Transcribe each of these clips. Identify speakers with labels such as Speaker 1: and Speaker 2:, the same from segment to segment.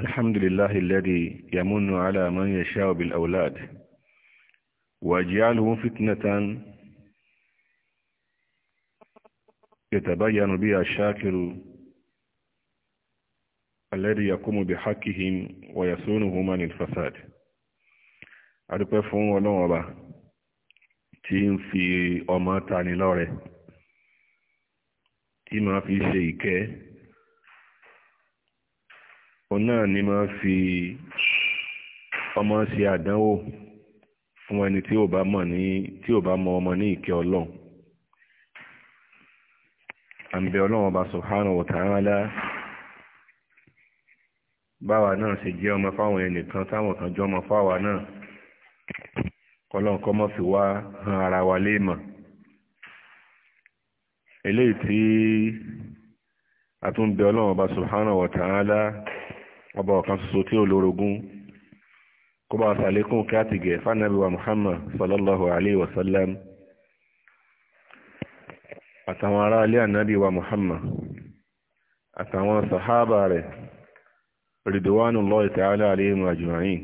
Speaker 1: الحمد لله الذي يمن على من يشاء بالأولاد واجعله فتنة يتبين بها الشاكر الذي يقوم بحقهم ويصونه من الفساد adúpẹ́ فهم ọlọ́run ọba tí في fi ọmọ tani lọ́rẹ tí máa òun náà ni máa fi ọmọ ṣe àdánwò fún ẹni tí ò bá mọ̀ ní tí ò bá mọ ọmọ ní ìkẹ́ ọlọ́run àǹbẹ ọlọ́run ọba subhanahu wa ta'ala báwa náà ṣe jẹ́ ọmọ fáwọn ẹnìkan táwọn kan jọ ọmọ fáwa náà kọlọ́nkọ́ mọ́ fi wá han ara wa léèmọ̀ eléyìí tí a tún bẹ ọlọ́run ọba subhanahu wa ta'ala ọba ọ̀kan ṣoṣo tí ó lórogún kó bá ṣàlékún kí á ti gẹ̀ fánàbíwá muhammad sallallahu alayhi wa sallam àtàwọn ará ilé ànábíwá muhammad àtàwọn sàhábà rẹ̀ ridwanullahi ta'ala alayhim ajma'in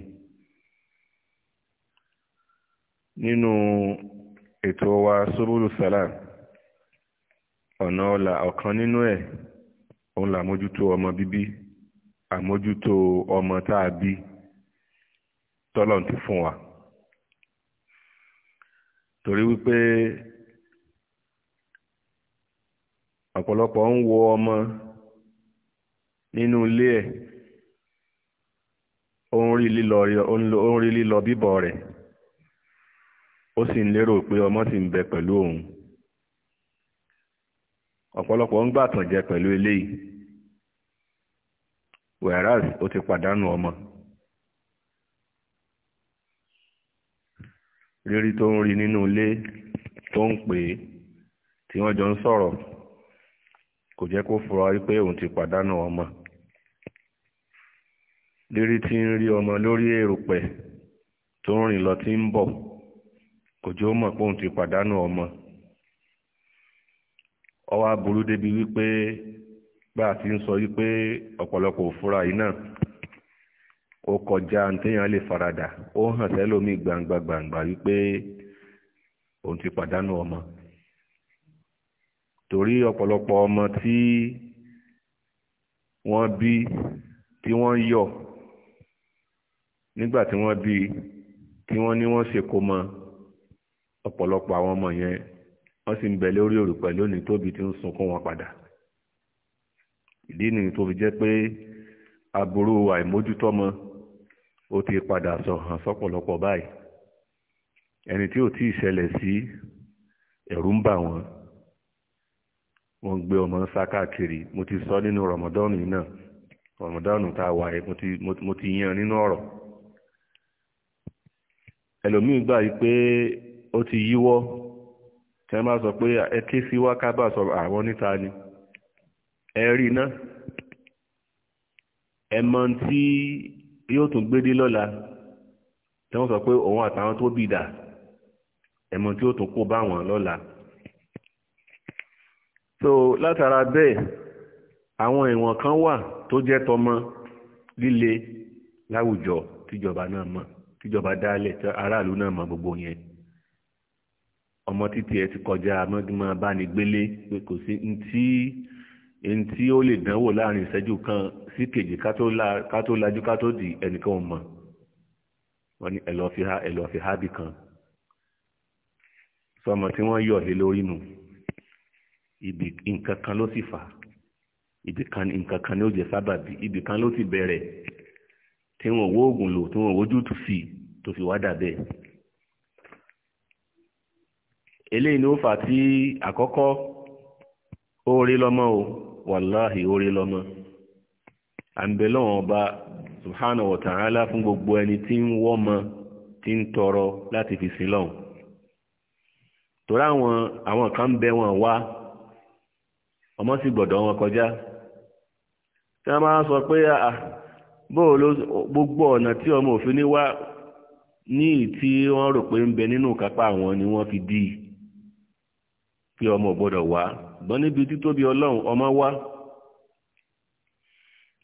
Speaker 1: nínú ètò wa subulu salam ọ̀nà ọ̀la ọ̀kan nínú ẹ̀ òun làmójútó ọmọ bíbí àmójútó ọmọ tá a bí tọ́lọ̀ ti fún wa torí wípé ọ̀pọ̀lọpọ̀ ń wo ọmọ nínú ilé ẹ̀ ó ń rí lílọ bíbọ̀ rẹ̀ ó sì ń lérò pé ọmọ sì ń bẹ pẹ̀lú òun ọ̀pọ̀lọpọ̀ ń jẹ pẹ̀lú eléyìí whereas ó ti pàdánù ọmọ rírí tó ń rí nínú ilé tó ń pè é tí wọ́n jọ ń sọ̀rọ̀ kò jẹ́ kó fura wípé òun ti pàdánù ọmọ rírí tí ń rí ọmọ lórí èrùpẹ̀ tó ń rìn lọ tí ń bọ̀ kò jẹ́ ó mọ̀ pé òun ti pàdánù ọmọ ó burú débi wípé bá a ti ń sọ yí pé ọ̀pọ̀lọpọ̀ òfúra yìí náà ó kọjá téèyàn lè faradà ó hàn sẹ́lómi gbangba gbangba wípé òun ti pàdánù ọmọ torí ọ̀pọ̀lọpọ̀ ọmọ tí wọ́n bí tí wọ́n yọ̀ nígbà tí wọ́n bí tí wọ́n ní wọ́n ṣèkó mọ ọ̀pọ̀lọpọ̀ àwọn ọmọ yẹn wọ́n sì ń bẹ lórí òrùpẹ̀ lónìí tóbi tí ń sunkún wọn padà. ìdí ni tó fi jẹ́ pé aburú àìmójútọ́mọ ó ti padà sọ hàn sọ́pọ̀lọpọ̀ báyìí ẹni tí ò tí ìṣẹlẹ̀ sí ẹ̀rù ń bà wọ́n gbé ọmọ sá mo ti sọ nínú rọmọdọ́nù yìí náà rọmọdọ́nù tá a wà yìí ti yan nínú ọ̀rọ̀ ẹlòmíì gbà yìí pé ti yíwọ́ tí sọ pé ẹ ké sí sọ àwọn níta ni. ẹ̀rí náà ẹ̀mọ tí yóò tún gbédé lọ́la tí wọ́n sọ pé òun àtàwọn tó bìdà ẹ̀mọ tí ó tún kó bá wọn lọ́la so látara bẹ́ẹ̀ àwọn ìwọ̀n kan wà tó jẹ́ tọmọ líle láwùjọ tíjọba náà mọ̀ tíjọba dálẹ̀ tí aráàlú náà mọ̀ gbogbo yẹn ọmọ títí ẹ ti kọjá mọ́gbọ́n bá ní gbélé pé kò sí ní tí èyí tí ó lè dánwò láàrin ìṣẹ́jú kan sí kejì ká tó lajú ká tó di ẹnìkan ò mọ̀ wọ́n ní ẹ̀lọ́fíhá ẹ̀lọ́fíhá bì kan sọmọ tí wọ́n yọ̀ lé lórí nù ibi nǹkan kan ló sì fà ibi kan nǹkan kan ní ó jẹ sábàbí ibi kan ló ti bẹ̀rẹ̀ tí wọ́n wó oògùn lò tí wọ́n wójú tù sí tó fi wá dà bẹ́ẹ̀ eléyìí ni ó fà tí àkọ́kọ́ oore lọ́mọ o wàláhì orí lọ́mọ àǹbẹ̀lọ́wọ̀n ọba subhanahu wa ta'ala fún gbogbo ẹni tí ń wọ́mọ tí ń tọrọ láti fi sin lọ́hùn torí àwọn àwọn kan bẹ wọn wá ọmọ sì gbọ́dọ̀ wọn kọjá tí wọ́n máa sọ pé bóò ló gbogbo ọ̀nà tí ọmọ òfin ní wá ní tí wọ́n rò pé ń bẹ nínú kápá àwọn ni wọ́n fi dí pé ọmọ gbọ́dọ̀ wá ṣùgbọ́n níbi títóbi ọlọ́run ọmọ wá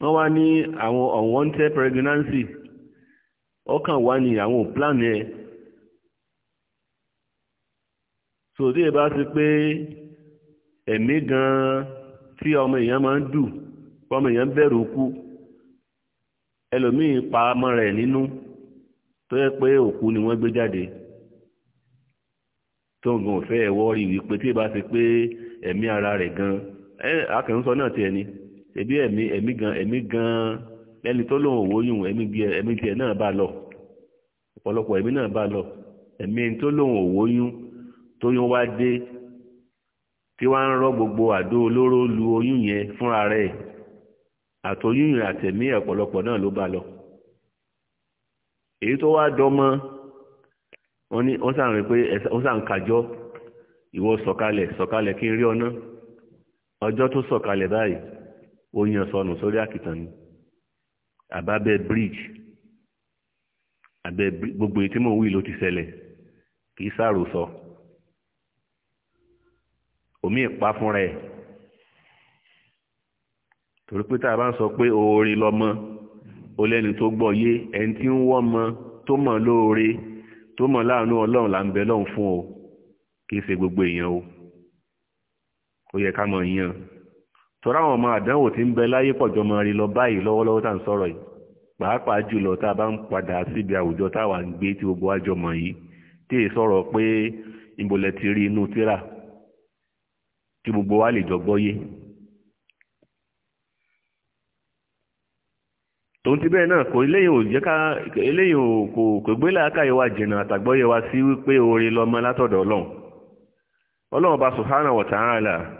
Speaker 1: wọ́n wá ní àwọn unwanted pregnancy ọkàn wá ní àwọn plan ẹ̀ sòdí ẹ̀ bá ti pé ẹ̀mí gan-an tí ọmọ èèyàn máa ń dù ọmọ èèyàn bẹ̀rù kú ẹlòmíì pa ọmọ rẹ̀ nínú tó yẹ pé òkú ni wọ́n gbé jáde tó ń gan òfẹ́ ẹ̀wọ́ rí wípé tí ẹ ti pé ẹ̀mí ara rẹ̀ gan akẹ́ńsọ náà tiẹ̀ ni ṣebí ẹ̀mí ẹ̀mí gan ẹ̀mí gan ẹni tó lóun òwò yùn ẹ̀mí gbé ẹ̀mí ba náà bá lọ ọ̀pọ̀lọpọ̀ ẹ̀mí náà bá lọ ẹ̀mí tó lóun òwò yùn tó yún wá dé tí wọ́n gbogbo àdó olóró lu oyún yẹn fúnra rẹ̀ e yẹn àtẹ̀mí ọ̀pọ̀lọpọ̀ náà ló bá lọ èyí tó wá dọ́mọ́ wọ́n ní wọ́n sàn rí ìwọ sọ̀kalẹ̀ sọ̀kalẹ̀ kí n rí ọ̀nà ọjọ́ tó sọ̀kalẹ̀ báyìí oyin ọ̀sọ̀nù sórí àkìtàn ni àbábẹ́ bridge àbẹ́ gbogbo èyí tí mò ń wí ló ti ṣẹlẹ̀ kì í sàròsọ omi ìpa fúnra ẹ̀ torí pé tá a bá ń sọ pé oore lọmọ ó lẹ́ni tó gbọ́ yé ẹni tí ń wọ́ mọ tó mọ̀ lóore tó mọ̀ láàánú ọlọ́run là ń bẹ lọ́hùn fún o kì í ṣe gbogbo èèyàn o ó yẹ ká mọ yàn tọ́ra àwọn ọmọ àdánwò tí ń bẹ láyé pọ̀jọ́ lọ báyìí lọ́wọ́lọ́wọ́ tá à ń sọ̀rọ̀ yìí pàápàá jùlọ tá a bá ń padà síbi àwùjọ táwa ń gbé tí gbogbo àjọ mọ̀ yìí tí sọ̀rọ̀ pé ìbòlẹ̀ ti rí inú tíra tí gbogbo wa lè jọ gbọ́yé tòun ti bẹ́ẹ̀ náà kò eléyìí ò jẹ́ ká eléyìí ò kò gbé làákàyè wa jìnnà àtàgbọ́yé wa sí wípé oore lọ́mọ látọ̀dọ̀ ọlọ́run ọlọ́run bá subhanahu wa ta'ala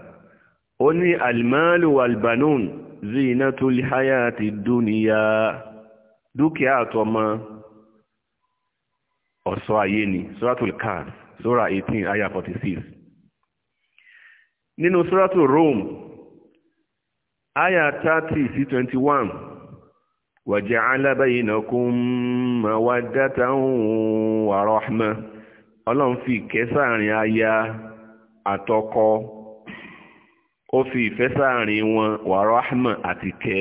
Speaker 1: ó ní almalu walbanun zinatul hayati duniya dúkìá àtọmọ ọ̀ṣọ́ ayé ni suratul Kahf sura 18 aya 46 nínú suratul Rum aya 30 sí 21 waja'ala bainakum mawaddatan wa rahma ọlọ́run fi ìkẹ́ sáàrin aya àtọkọ ó fi ìfẹ́ sáàrin wọn àti kẹ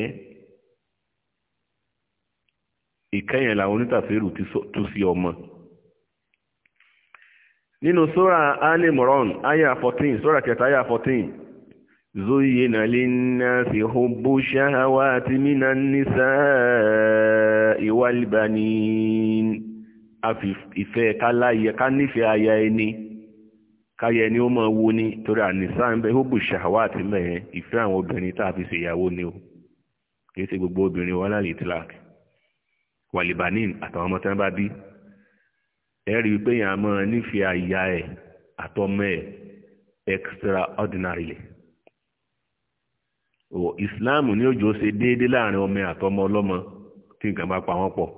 Speaker 1: ìkẹyìn làwọn onítàfẹ́rù sí ọmọ nínú sóra alimoran aya 14 sọ́ra kẹta aya 14 زين للناس حب الشهوات من النساء والبنين àfi ìfẹ́ ká láyé ká nífẹ̀ẹ́ aya ẹni káyẹ ni ó máa wo ni torí ànísá ń bẹ ó bù ṣàwá àti mẹ́rin ìfẹ́ àwọn obìnrin tá ni o kì ṣe gbogbo obìnrin wọn láàyè tilak wàlìbánín àtàwọn ọmọ tí wọn bá bí ẹ rí i pé yàn á máa nífẹ̀ẹ́ àyà àtọmọ extraordinarily o islam ní òjò ṣe déédéé láàrin ọmọ àtọmọ ọlọ́mọ tí nǹkan bá pa wọ́n pọ̀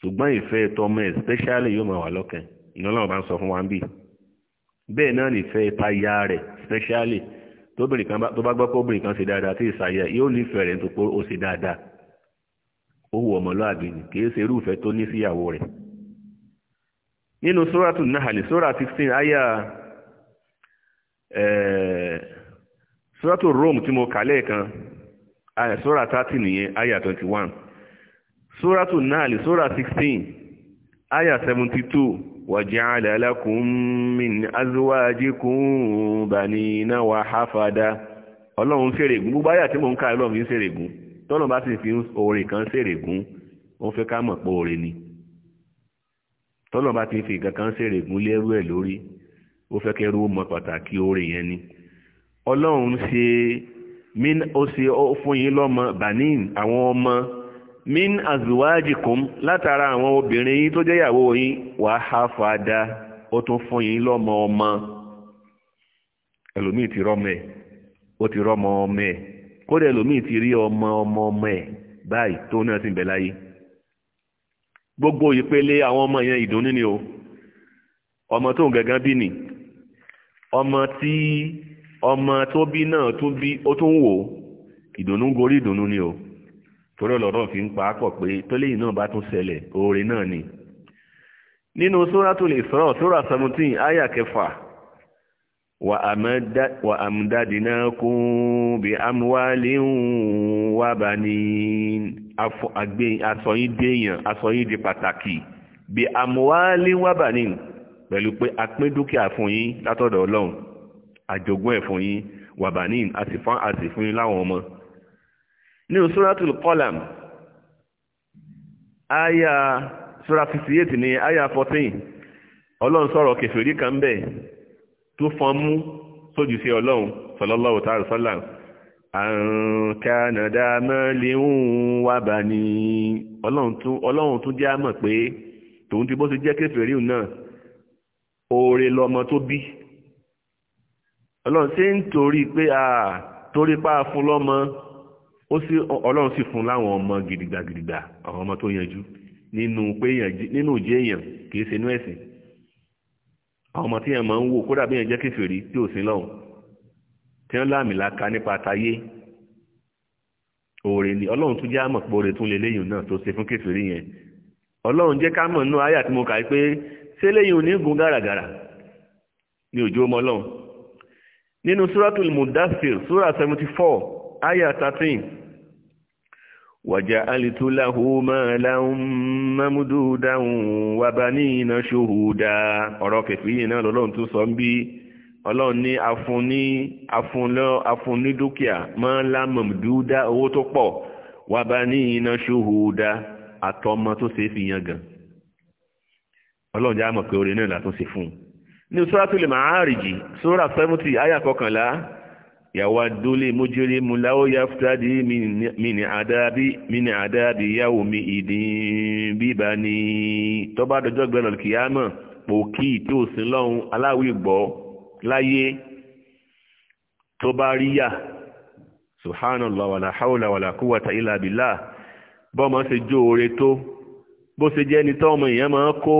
Speaker 1: ṣùgbọ́n ìfẹ́ tọmọ ẹ̀ fún wa bẹ́ẹ̀ náà nífẹ̀ẹ́ ìpayà rẹ̀ specially tóbìnrin kan tó bá gbọ́ pé obìnrin kan ṣe dáadáa tí ìsàyà yóò nífẹ̀ẹ́ rẹ̀ nítorí pé ó ṣe dáadáa ó hu ọmọlúàbí ni kì í ṣe irúfẹ́ tó ní síyàwó rẹ̀ nínú sóràtù nahali sórà sixteen àyà sóràtù rome tí mo kà lẹ́ẹ̀kan sórà thirty nìyẹn àyà twenty one sóràtù nahali sórà sixteen àyà seventy two. وجعل لكم من أزواجكم بنين وحفدا ọlọ́run fèrègùn gbogbo ayé àti mò ń ká ọlọ́run fi ń fèrègùn tọ́lọ́run bá sì fi orin kan fèrègùn ó fẹ́ ká mọ̀ pé orin ni tọ́lọ́run bá ti fi nǹkan kan fèrègùn lẹ́rú ẹ̀ lórí ó fẹ́ kẹ́rú mọ̀ pàtàkì orin yẹn ni ọlọ́run ṣe ó ṣe fún yín lọ́mọ benin àwọn ọmọ min azuwajikum látara àwọn obìnrin yín tó jẹ́ ìyàwó yín wà hafada ó tún fún yín lọ́mọ ọmọ ẹlòmíì ti rọ́mọ ẹ̀ ó ti rọ́mọ ọmọ ẹ̀ kódà ẹlòmíì ti rí ọmọ ọmọ ọmọ ẹ̀ báyìí tó náà sì ń bẹ láyé gbogbo ìpele àwọn ọmọ yẹn ìdùnnú ni o ọmọ tó ń gangan bí ni ọmọ tí ọmọ tó bí náà tún bí ó tún wò ìdùnnú gorí ìdùnnú ni o torí ọlọ́rọ̀ fi ń pa á pọ̀ pé tólẹ́yìn náà bá tún ṣẹlẹ̀ oore náà ni nínú sóràtòlè sọ́rọ̀ sórà seventeen àyà kẹfà wà àmúdádínà kún bí amúwálé ń wá bá ní asọ̀yìn déèyàn asọ̀yìn di pàtàkì bí amúwálé ń wá bá ní pẹ̀lú pé a pín dúkìá fún yín látọ̀dọ̀ ọlọ́run àjogún ẹ̀ fún yín wà bá ní àsìfún àsìfún yín láwọn ọmọ ní suratul qalam aya sura 58 ní aya 14 ọlọ́run sọ̀rọ̀ kèfèrí kan bẹ̀ tó fọn mú sójú sí ọlọ́run sallallahu ta'ala sallam àǹkànàdà mẹ́lẹ́hùn wà bá ní ọlọ́run tún jẹ́ àmọ̀ pé tòun ti bó ti jẹ́ kèfèrí náà oore lọmọ tó bí ọlọ́run ṣe ń torí pé a torí pa fún lọ́mọ ó sì ọlọ́run sì fún láwọn ọmọ gidigbagidigba àwọn ọmọ tó yanjú nínú pé nínú ìjẹ́ èèyàn kìí ṣe inú ẹ̀sìn àwọn ọmọ tí èèyàn máa ń wò kódà bí èèyàn jẹ́ kèfèrí tí ò sí lọ́hùn tí wọ́n láàmì láka nípa tayé òòrè ni ọlọ́run tún jẹ́ àmọ̀ pé òòrè tún lélẹ́yìn náà tó ṣe fún kèfèrí yẹn ọlọ́run jẹ́ ká mọ̀ nínú àyà tí mo kà pé sẹ́lẹ̀yìn ò ní gun gàràgàrà ní òjò ọmọ ọlọ́run nínú súrátùl Mudaththir súrà 74 aya 13 وجعلت له مالا ممدودا وبنين شهودا ọ̀rọ̀ kẹfì náà lọ́lọ́run tún sọ ń bí ọlọ́run ní afúnní afúnlọ́ afúnní dúkìá mọ́lá mọ̀mùdúdá owó tó pọ̀ wabanina shuhuda àtọmọ tó ṣe fi yan gan ọlọ́run jẹ́ àmọ̀ pé orin náà látún ṣe fún un ní suratul Ma'arij sura 70 aya kọkànlá yawaddu lil mujrimu law yaftadi min adabi min adabi yawmi idin bibani tó bá dọjọ́ gbẹ̀rẹ̀ kìyàmọ̀ pòkì tí ò sí lọ́hun aláwì gbọ́ láyé tó bá rí yà subhanallah wàlà haúlà wàlà kúwàtà ilà bìlà bọ́mọ ṣe jó oore tó bó ṣe jẹ́ ni tọ́mọ èèyàn máa kó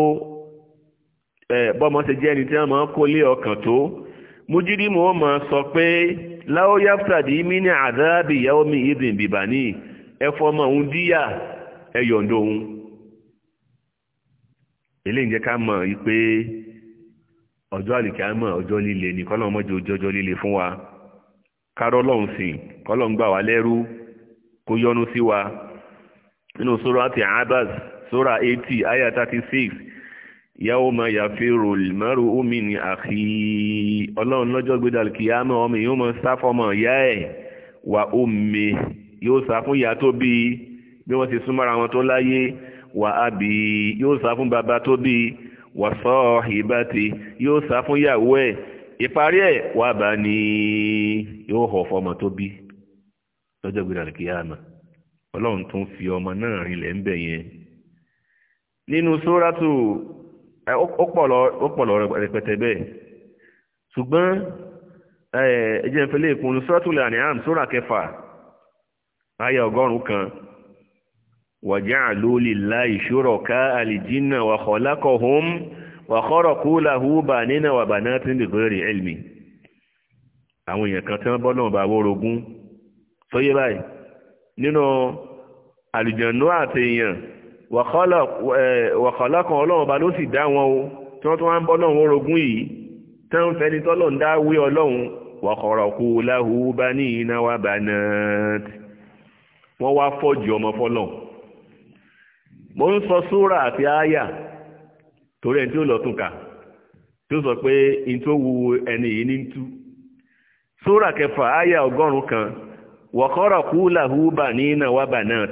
Speaker 1: eh, bọ́mọ ṣe jẹ́ ni tí wọ́n máa kó lé ọkàn tó mujirimu ó máa sọ pé láóyá fúlàdì mí ní àdáàbì ìyàwó mi ìdìn bìbà ní ẹfọ ọmọ òun díyà ẹyọ̀ǹdó òun eléyìí ń ká mọ̀ yí pé ọjọ́ ni mọ́jọ líle fún wa kárọ́ lọ́hùn sìn kọ́lọ́n gbà wá lẹ́rú kó sí wa nínú ti yawma yafiru al-mar'u min akhi ọlọ́run lọ́jọ́ gbéra kìyàmọ́ ọmọ yóò mọ sá fọmọ ìyá ẹ̀ wà ummi yóò sá fún ìyá tó bí bí wọ́n ti súnmọ́ra wọn tó láyé wà abi yóò sá fún bàbá tó bí wà sahibati yóò sá fún ìyàwó ẹ̀ ìparí ẹ̀ wà bani yóò họ̀ fọmọ tó bí lọ́jọ́ gbéra kìyàmọ́ ọlọ́run tún fi ọmọ náà rinlẹ̀ ń bẹ̀ yẹn nínú sóràtù ó pọ̀ lọ rẹpẹtẹ bẹ́ẹ̀ ṣùgbọ́n ẹjẹ́ ìfẹ́lẹ́ ìkùn sọ́tùlẹ̀ àníhàm sóra kẹfà ayà ọgọ́rùn-ún kan waja'alu lillahi shuraka'a al-jinna wa khalaqahum wa kharaqu lahu banina wa banatin bighayri ilmi àwọn èèyàn kan wàkọ́lá kan ọlọ́run ọba ló sì dá wọn o tí wọ́n tún wá ń bọ́ lọ́run orogún yìí tí wọ́n fẹ́ni tọ́lọ́run dá wí ọlọ́run wàkọ̀rọ̀kú láhù bá ní iná wá bá náà wọ́n wá fọ́jì ọmọ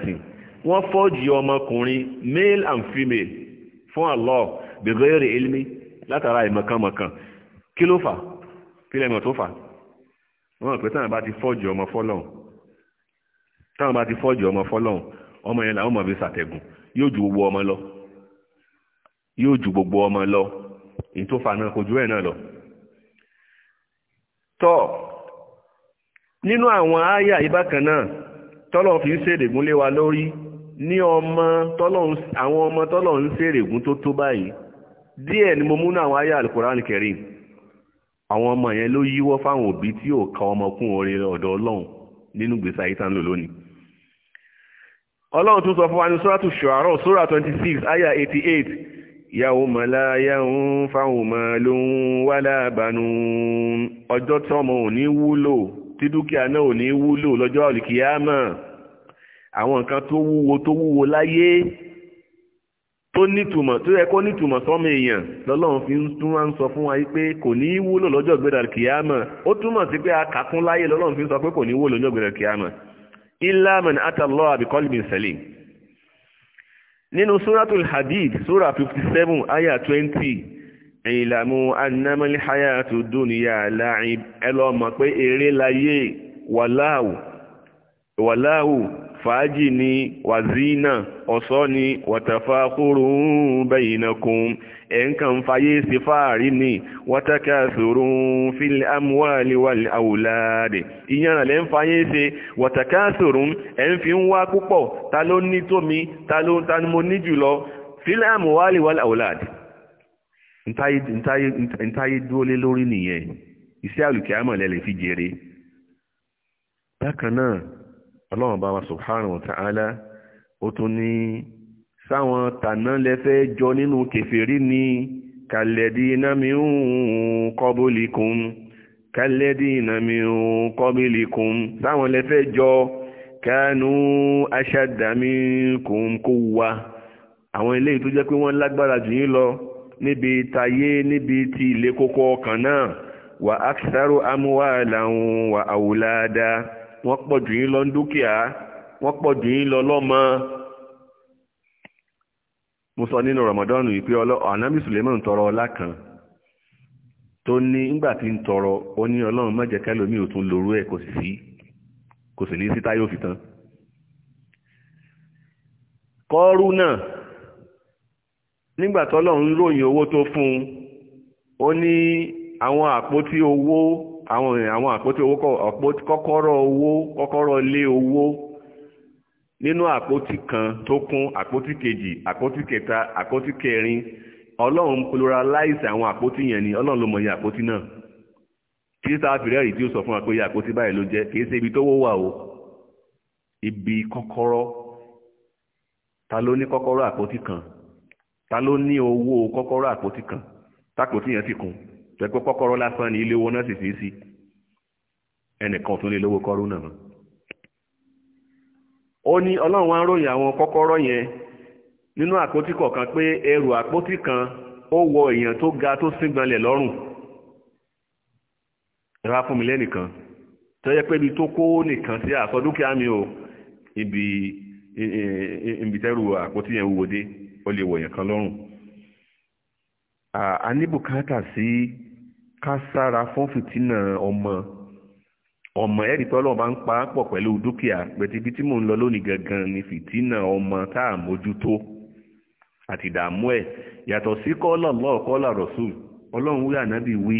Speaker 1: tí wọ́n fọ́ọ̀jì ọmọkùnrin male and female fún Allah bẹ̀rẹ̀ ilmi látara ìmọ̀kànmọ̀kàn kí ló fà kí lẹ́mọ̀ tó fà wọ́n pẹ̀ táwọn bá ti fọ́ọ̀jì ọmọ fọ́lọ́hun táwọn bá ti fọ́ọ̀jì ọmọ fọ́lọ́hun ọmọ yẹn làwọn ọmọ fi ṣàtẹ̀gùn yóò ju gbogbo ọmọ lọ yóò ju gbogbo ọmọ lọ èyí tó fà náà kò ju ẹ̀ náà lọ tọ́ nínú àwọn ááyà yìí náà tọ́lọ́ fi ń ṣèdègúnlé wa lórí ní ọmọ tọ́lọ́hún àwọn ọmọ tọ́lọ́hún ń fèrègún tó tó báyìí díẹ̀ ni mo mú náà àwọn ayé alukoran kẹrin àwọn ọmọ yẹn ló yíwọ́ fáwọn òbí tí ò ka ọmọkún orin ọ̀dọ̀ ọlọ́run nínú gbèsè ayé tán lò lónìí ọlọ́run tún sọ fún wa ní sóràtù ṣòárọ̀ sórà 26 àyà 88 yàwó mọ̀lá yàwó fáwọn ọmọ ló ń wá láàbánú ọjọ́ tọ́mọ ò ní wúlò tí dúkìá náà ò ní wúlò lọ́jọ́ àlùkìyámà àwọn nǹkan tó wúwo tó wúwo láyé tó nítumọ̀ tó yẹ kó nítumọ̀ sọ́mọ èèyàn lọ́lọ́run fi tún wá ń sọ fún wa pé kò ní í wúlò lọ́jọ́ ìgbéra kìámọ̀ ó túmọ̀ sí pé akàkún láyé lọ́lọ́run fi sọ pé kò ní í wúlò lọ́jọ́ ìgbéra kìámọ̀ illa man ata Allah bi qalbin salim nínú suratul hadid sura fifty seven ayah twenty ìlàmú anamọ́lẹ́ hayatu dúnìyà láàrin ẹlọ́mọ̀ pé eré láyé wàláhù fàájì ni wàzínà ọ̀ṣọ́ ni watafakhurun bainakum ẹ̀ǹkan fàyè sí fàárí ni watakasurun fil amwali wal awladi ìyànà lẹ́ ń fàyè sí watakasurun ẹ̀ ń fi ń wá púpọ̀ ta ló ní tómi ta ló ta ni mo ní jùlọ fil amwali wal awladi ntáyé dúró lé lórí nìyẹn iṣẹ́ àlùkìyàmọ̀ lẹ́lẹ̀ fi jèrè bákan ọlọ́run bá wa subhanahu wa ta'ala ó tún ní sáwọn tàná lẹ́fẹ́ jọ nínú kèfèrí ní kàlẹ́dínà mìíràn kọ́bólìkùn kàlẹ́dínà mìíràn kọ́bólìkùn sáwọn lẹ́fẹ́ jọ kánú aṣáàdámínkùn kó wa àwọn eléyìí tó jẹ́ pé wọ́n lágbára jù yín lọ níbi tayé níbi ti ilé kókó ọkàn náà wà á kìsàrò wà àwòládàá wọ́n pọ̀ jù yín lọ ní dúkìá wọ́n pọ̀ jù yín lọ lọ́mọ. mo sọ nínú ramadan yìí pé anabi suleiman tọrọ ọlá kan tó ní ńgbà tí ń tọrọ ó ní ọlọ́run má jẹ́ kẹ́lòmí ò tún lòrú ẹ̀ kò sì ní sí táyé òfin tán. kọ́ọ́rú náà nígbà tọ́lọ́run ròyìn owó tó fún un ó ní àwọn àpótí owó àwọn àwọn àpótí owó kọ́kọ́rọ́ owó kọ́kọ́rọ́ lé owó nínú àpótí kan tó kún àpótí kejì àpótí kẹta àpótí kẹrin ọlọ́run pluralize àwọn àpótí yẹn ni ọlọ́run ló mọ iye àpótí náà tí sáà fìrẹ́ rí tí ó sọ fún wa pé iye àpótí báyìí ló jẹ́ kì í ṣe ibi tó wó wà o ibi kọ́kọ́rọ́ ta ló ní kọ́kọ́rọ́ àpótí kan ta ló ní owó kọ́kọ́rọ́ àpótí kan tápótí yẹn ti kún tẹ́pẹ́ kọ́kọ́rọ́ lásán ní ilé owó náà sì fi sí ẹnìkan tún lè lówó kọ́rú náà ó ní ọlọ́run wá ń ròyìn àwọn kọ́kọ́rọ́ yẹn nínú àpótí kọ̀ọ̀kan pé ẹrù àpótí kan ó wọ èèyàn tó ga tó síngbọnlẹ̀ lọ́rùn ẹ̀rá fún mi lẹ́nìkan tó yẹ pé ibi tó kó nìkan sí àsọ mi o ibi ìbìtẹ́rù àpótí yẹn wúwo dé ó lè wọ èèyàn kan lọ́rùn a ní sí ká sára fún fìtínà ọmọ ọmọ ẹ̀rí pé ọlọ́run bá ń pa á pọ̀ pẹ̀lú dúkìá pẹ̀tibí tí mò ń lọ lónìí gangan ni fìtínà ọmọ tá à mójútó àti ìdààmú ẹ̀ yàtọ̀ sí kọ́lọ̀ lọ́ọ̀ kọ́lọ̀ rọ̀ṣù ọlọ́run wí ànábì wí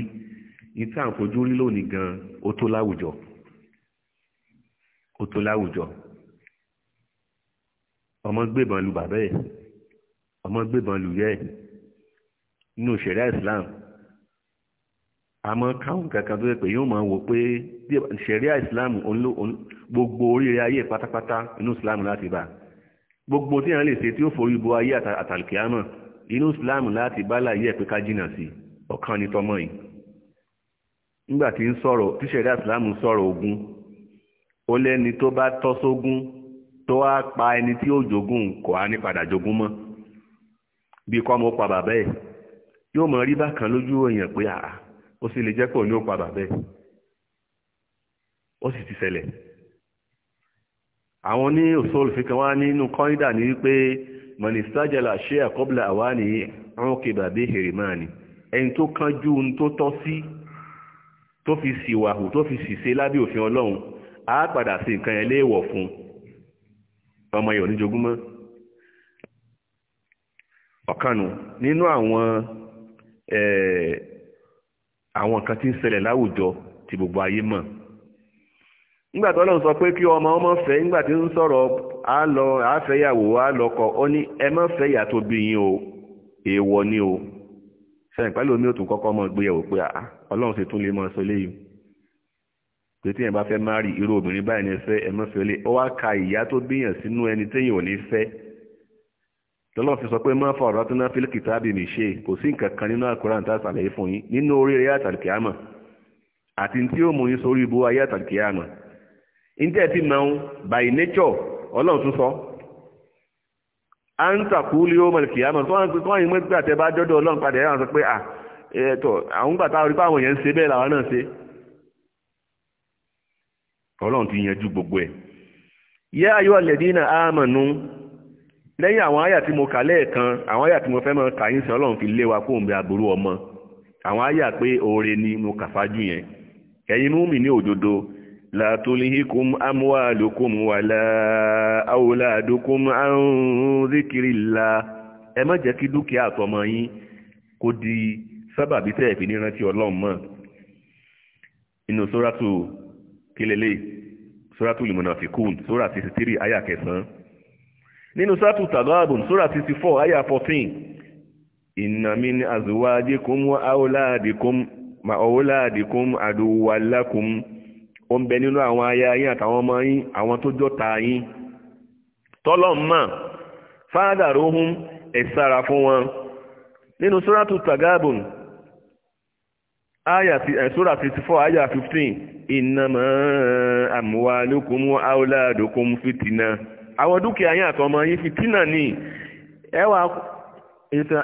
Speaker 1: ní tá à ń fojú rí lónìí gan ó tó láwùjọ ó tó láwùjọ ọmọ gbébọn lu bàbá ẹ̀ ọmọ gbébọn lu yẹ ẹ̀ nínú ṣẹ̀ríà Islam àmọ́ káwọn kankan tó yẹ pé yóò máa wò pé ṣẹ̀ríà ìsìláàmù gbogbo oríire ayé pátápátá inú ìsìláàmù láti bá gbogbo tí a lè ṣe tí ó forí bo ayé àtàlùkìámọ̀ inú ìsìláàmù láti bá láyé ẹ̀ pé ká jìnà sí ọ̀kan ní tọmọ yìí nígbà tí ń sọ̀rọ̀ tí ṣẹ̀ríà ìsìláàmù sọ̀rọ̀ ogun ó lẹ́ni tó bá tọ́ sógún tó wá pa ẹni tí ó jogún kò á ní padà jogún mọ́ bí kọ́ mo pa bàbá ẹ̀ yóò mọ̀ rí bákan lójú èèyàn pé àá ó sì lè jẹ́ pé òní ó padà bẹ́ẹ̀ ó sì ti ṣẹlẹ̀ àwọn ní òṣòlù fi kan wá nínú kọ́ńdà ní wípé mọ̀nìsájàlá ṣe àkọ́bìlà àwa ní ọ̀rùn kebàbí hèrèmáàni ẹni tó kánjú ohun tó tọ́ sí tó fi sìwàhù tó fi sìse lábẹ́ òfin ọlọ́run á padà sí nǹkan yẹn léèwọ̀ fún ọmọ yẹn ò mọ́ ọ̀kanù nínú àwọn àwọn kan tí ń ṣẹlẹ̀ láwùjọ tí gbogbo ayé mọ̀ nígbà tó lọ́n sọ pé kí ọmọ ọmọ fẹ́ nígbà tí ń sọ̀rọ̀ á lọ àáfẹ́yàwó á lọ́kọ ó ní ẹ má fẹ́ ìyá tó bí yín o èèwọ̀ ni o sẹ́yìn pẹ́lú omi òtún kọ́kọ́ mọ̀ gbéyàwó pé ah, ah, ọlọ́run ṣe tún lè mọ̀ sọ léyìí pé téèyàn bá fẹ́ má rí irú obìnrin báyìí ní fẹ́ ẹ má fẹ́ lé ọ wá ka ìyá tó bíyàn sínú ẹni téèyàn ò ní fẹ́ lọ́lọ́ fi sọ pé má fọ̀rọ̀ tó náà fílíkì tábì mi ṣe kò sí nǹkan kan nínú àkùrán tá a ṣàlàyé fún yín nínú oríire àtàlùkì àmọ̀ àti tí ó mú yín sórí ibú ayé ti nature ọlọ́run tún sọ à ń tàkú lé ó mọ̀lùkì àmọ̀ tó wọ́n tó bá ọlọ́run padà yára sọ pé à ẹ̀tọ́ àwọn ń ṣe bẹ́ẹ̀ làwọn náà ṣe ọlọ́run lẹ́yìn àwọn àyà tí mo kà lẹ́ẹ̀kan àwọn àyà tí mo fẹ́ máa kà yín sí ọlọ́run fi lé wa kó ń bẹ aburú ọmọ àwọn àyà pé oore ni mo kà fájú yẹn ẹ̀yin mú mi ní òdodo látòlíhìkùn amúhàlùkùn wàlá àwòlàdùkùn àrùn zikirila ẹ má jẹ́ kí dúkìá àtọmọ yín kó di sábàbí tẹ́ fi ní ọlọ́run mọ́ inú sóràtù kílélẹ́yìí sóràtù lìmọ̀nà fìkún sórà 63 àyà kẹsàn-án nínú sátù tàbáàbùn sórà 64 àyà 14 inna min azwajikum wa auladikum ma auladikum aduwwa lakum ó ń bẹ nínú àwọn aya yín àtàwọn ọmọ yín àwọn tó jọ́ta yín tọ́lọ̀ mọ̀ fadaruhum ẹ sára fún wọn nínú sóràtù tàgábùn aya sórà 64 aya 15 innama amwalukum wa auladukum fìtìnà àwọn dúkìá yín àtọmọ yín fìtínà ni ẹ wá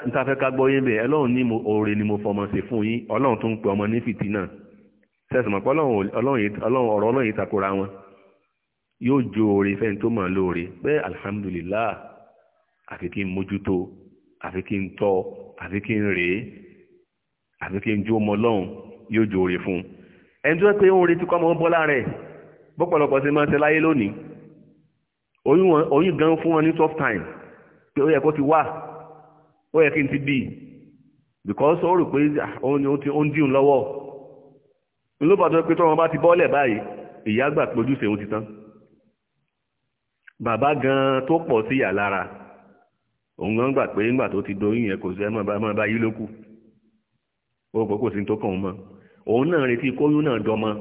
Speaker 1: ìtafẹ́ka gbọ́ yín bẹ́ẹ̀ ọlọ́run ní oore ni mo fọmọ sí fún yín ọlọ́run tó ń pe ọmọ ní fìtínà sẹ́sìmọ̀ pé ọlọ́run ọ̀rọ̀ ọlọ́run yìí takora wọn yóò jó oore fẹ́ni tó mọ̀ lóore pé alhamdulillah àfi kí n mójútó àfi kí n tọ́ àfi kí n rèé àfi kí n jó ọmọ ọlọ́run yóò jó oore fún un ẹni tó pé oore ti kọ́ ọmọ bọ́lá rẹ̀ bọ́pọ̀lọpọ̀ sí máa ń ṣe láyé lónìí oyún gan fún wọn ní soft time pé ó yẹ kó ti wà ó yẹ kí n ti bí because ó rò pé ah, òun ni ó ń dín lọ́wọ́ ló bá tó pé tọ́wọ́n bá ti bọ́ọ̀lẹ̀ báyìí ìyá gbà pé ojúṣe òun ti tán bàbá gan tó pọ̀ sí ìyà lára òun gan gbà pé ńgbà tó ti doyún yẹn kò sí ẹ mọ̀ bá yí lókù ó kò kò sí tó kàn òun mọ́ òun náà retí kóyún náà dọmọ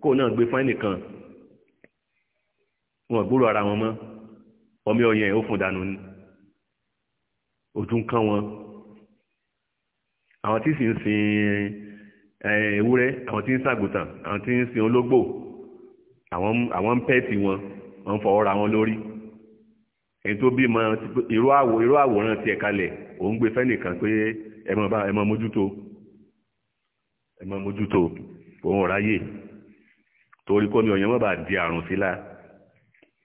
Speaker 1: kó náà gbé fáìnì kan wọn gbúrò ara wọn mọ́ ọmọ ọyàn ó fún dànù ni ojú ń kán wọn àwọn tí sì ń sin ewúrẹ́ àwọn tí ń sàgùtàn àwọn tí ń sin ológbò àwọn ń pẹ́ẹ̀tì wọn wọ́n ń fọwọ́ ra wọn lórí èyí tó bímọ irú àwòrán tiẹ̀ kalẹ̀ òun gbé fẹ́nìkan pé ẹ mọ mójútó ẹ mọ mójútó òun ọ̀ráyè torí kọ́mi ọ̀yàn mọ́ bá di àrùn sílá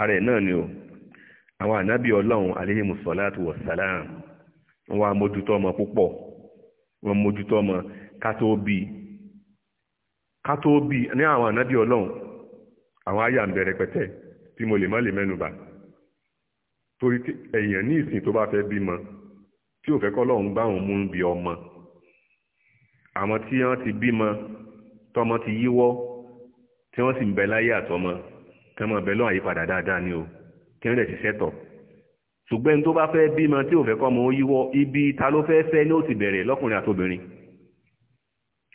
Speaker 1: ara ẹ̀ náà ni o àwọn ànábì ọlọ́run aléhìmù sọ́láàtù wọ̀sálàm wọ́n á mójútó ọmọ púpọ̀ wọ́n mójútó ọmọ kátó bí kátó bí ní àwọn ànábì ọlọ́run àwọn àyà ń bẹ̀rẹ̀ pẹ̀tẹ́ tí mo lè má lè mẹ́nubà torí èèyàn ní ìsìn tó bá fẹ́ bímọ tí ò fẹ́ kọ́ lọ́run bá òun mú bí ọmọ àwọn tí wọ́n ti bímọ tọmọ ti yíwọ́ tí wọ́n sì ń bẹ láyé àtọmọ kàn mọ̀ bẹ́ẹ̀ lọ́n àyípadà dáadáa ni o kí wọ́n lè ṣiṣẹ́ tọ̀ ṣùgbọ́n ẹni tó bá fẹ́ bímọ tí ò fẹ́ kọ́ mọ yíwọ́ ibi ta ló fẹ́ fẹ́ ní ó ti bẹ̀rẹ̀ lọ́kùnrin àtobìnrin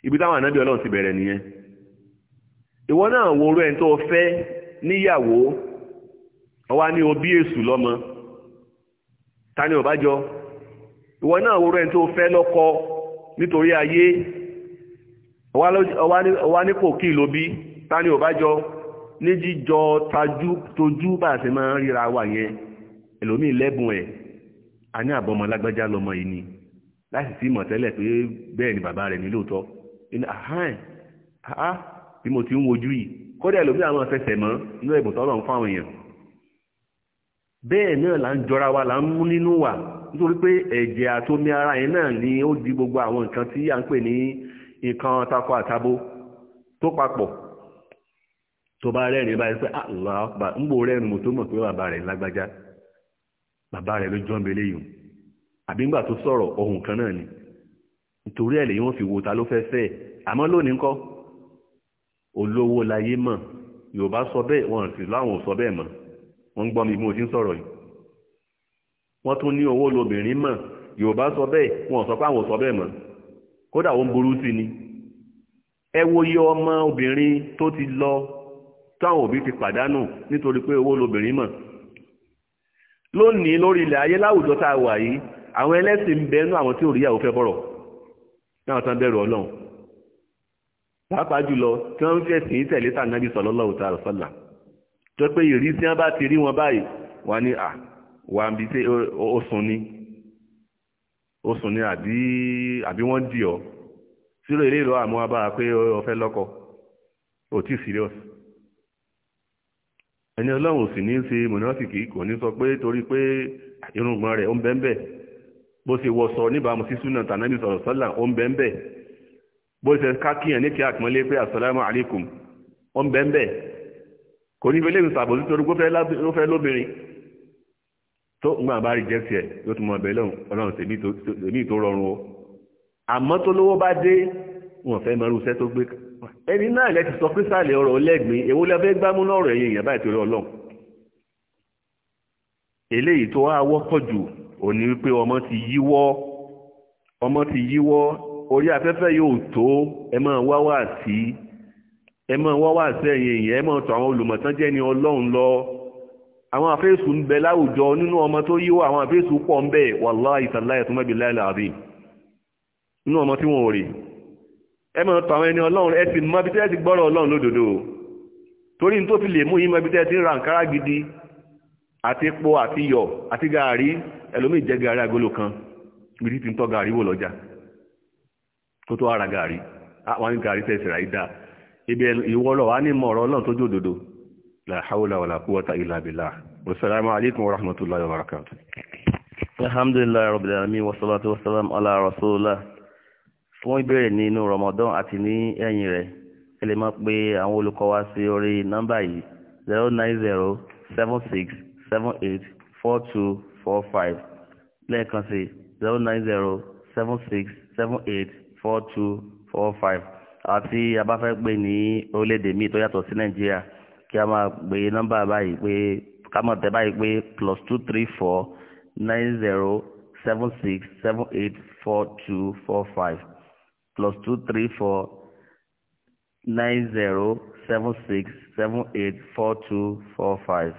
Speaker 1: ibi táwọn ànábì ọlọ́run ti bẹ̀rẹ̀ nìyẹn ìwọ náà wo orú ẹni tó fẹ́ níyàwó ọwá ní obí èṣù lọ́mọ ta ni ọba jọ ìwọ náà wo orú ẹni tó fẹ́ lọ́kọ nítorí ayé ọwá ní kò kí ìlóbí ta ni ọba jọ ní jíjọ tojú bá a ṣe máa ń ríra wa yẹn ẹlòmíì lẹ́bùn ẹ̀ a ní àbọ̀mọ lágbájá lọmọ yìí ni láti sí mọ̀ tẹ́lẹ̀ pé bẹ́ẹ̀ ni bàbá rẹ̀ ní lóòótọ́ inú àhán àá bí mo ti ń wojú yìí kódà ẹlòmíì àwọn afẹsẹ̀ mọ́ inú ẹ̀bùn tọ́lọ̀ ń fáwọn èèyàn bẹ́ẹ̀ náà là ń jọra wa là ń mú nínú wa nítorí pé ẹ̀jẹ̀ àtomi ara yẹn náà ni ó di gbogbo àwọn nǹkan tí à ń pè ní nǹkan takọ àtabo tó papọ̀ tó bá rẹ́rìn báyìí pé ah, Allah akbar ń bò rẹ́rìn mo tó mọ̀ pé bàbá rẹ̀ lágbájá bàbá rẹ̀ ló jọ́ mi léyìn àbí ńgbà tó sọ̀rọ̀ ohun kan náà ni nítorí ẹ̀ lèyìn wọ́n fi wo ta ló fẹ́ fẹ́ àmọ́ lónìí ńkọ́ olówó láyé mọ̀ yorùbá sọ bẹ́ẹ̀ wọn sì láwọn ò sọ bẹ́ẹ̀ mọ̀ wọ́n ń gbọ́ mi bí mo ti ń sọ̀rọ̀ yìí wọ́n tún ní owó lobìnrin mọ̀ yorùbá sọ bẹ́ẹ̀ wọn sọ pé àwọn ò sọ bẹ́ẹ̀ mọ̀ kódà ó ń burú sí ni ẹ wo iye ọmọ obìnrin tó ti lọ táwọn òbí ti pàdánù nítorí pé owó lobìnrin mọ̀ lónìí lórí ilẹ̀ ayé láwùjọ tá a wà yìí àwọn ẹlẹ́sìn ń bẹnu àwọn tí òríyàwó fẹ́ bọ̀rọ̀ náà tán bẹ̀rù ọlọ́run pàápàá jùlọ tí wọ́n ń fẹ̀sìn tẹ̀lé sànàbí sallallahu ta'ala sọ́là tó pé ìrísí wọn bá ti rí wọn báyìí wọn ni à wà ń bi tí ó sùn ni ó sùn ni àbí àbí wọ́n dì ọ́ sílò ilé ìlú àmúwábára pé ó fẹ́ lọ́kọ ò tí serious ẹni ọlọ́run sì ní í ṣe mọ̀nàfìkì kò ní sọ pé torí pé irùngbọ̀n rẹ̀ ó ń bẹ́ńbẹ́ bó ṣe wọṣọ níbàámu sí súnà tànàbí sọ̀rọ̀ sọ́là ó ń bẹ́ńbẹ́ bó ṣe kákíyàn ní kí àpọ́nlé pé àsàlámù àlékùm ó ń bẹ́ńbẹ́ kò ní fẹ́lẹ́ ìsàbò sí torí ó fẹ́ lóbìnrin tó ń gbà bá rí jẹ́ tiẹ̀ yóò tún mọ ọbẹ̀ ọlọ́run o àmọ́ tó ẹni náà ilẹ̀ ti sọ pé sàlẹ̀ ọ̀rọ̀ lẹ́gbìn èwo lẹ́fẹ́ gbámú náà ẹ̀yìn èèyàn báyìí ọlọ́run eléyìí tó wá wọ́pọ̀ jù ò wípé ọmọ ti yíwọ́ ọmọ ti yíwọ́ orí afẹ́fẹ́ yóò tó ẹ máa wá wá sí ẹ máa wá wá sí ẹ̀yìn ẹ máa tọ àwọn olùmọ̀tán jẹ́ ọmọ tó yíwọ́ àwọn àfẹ́sù pọ̀ ń tó ọmọ tí wọ́n ẹ mọ̀ tọ àwọn ẹni ọlọ́run ẹ ti mọ ibi tẹ́ ti gbọ́rọ̀ ọlọ́run lódodo torí n tó fi lè mú yín mọ ibi tẹ́ ti ń ra nkárá gidi àti epo àti iyọ̀ àti gàárì ẹlòmíì jẹ gàárì agolo kan ibi tí ń tọ́ gàárì wò lọ́jà tó tó ara gàárì àwọn ní gàárì tẹ̀sí ra ìdá ibi ìwọ́lọ̀ wà ní mọ̀ ọlọ́run tó jódodo la hawla wala quwwata illa billah والسلام عليكم ورحمة الله وبركاته الحمد لله رب العالمين والصلاة والسلام على رسول tí wọ́n bẹ̀rẹ̀ ní inú Ramadan àti ní ẹ̀yìn rẹ̀ ẹ lè máa pe àwọn olùkọ́ wa sí orí nọ́mbà yìí zero nine zero seven six seven eight four two four five lẹ́ẹ̀kan sí zero nine zero seven six seven eight four two four five àti abáfẹ́ pè ní orílẹ̀-èdè míì tó yàtọ̀ sí Nàìjíríà kí a máa gbé nọ́mbà báyìí pé ká máa tẹ̀ báyìí pé plus two three four nine zero seven six seven eight four two four five. plus two three four nine zero seven six seven eight four two four five.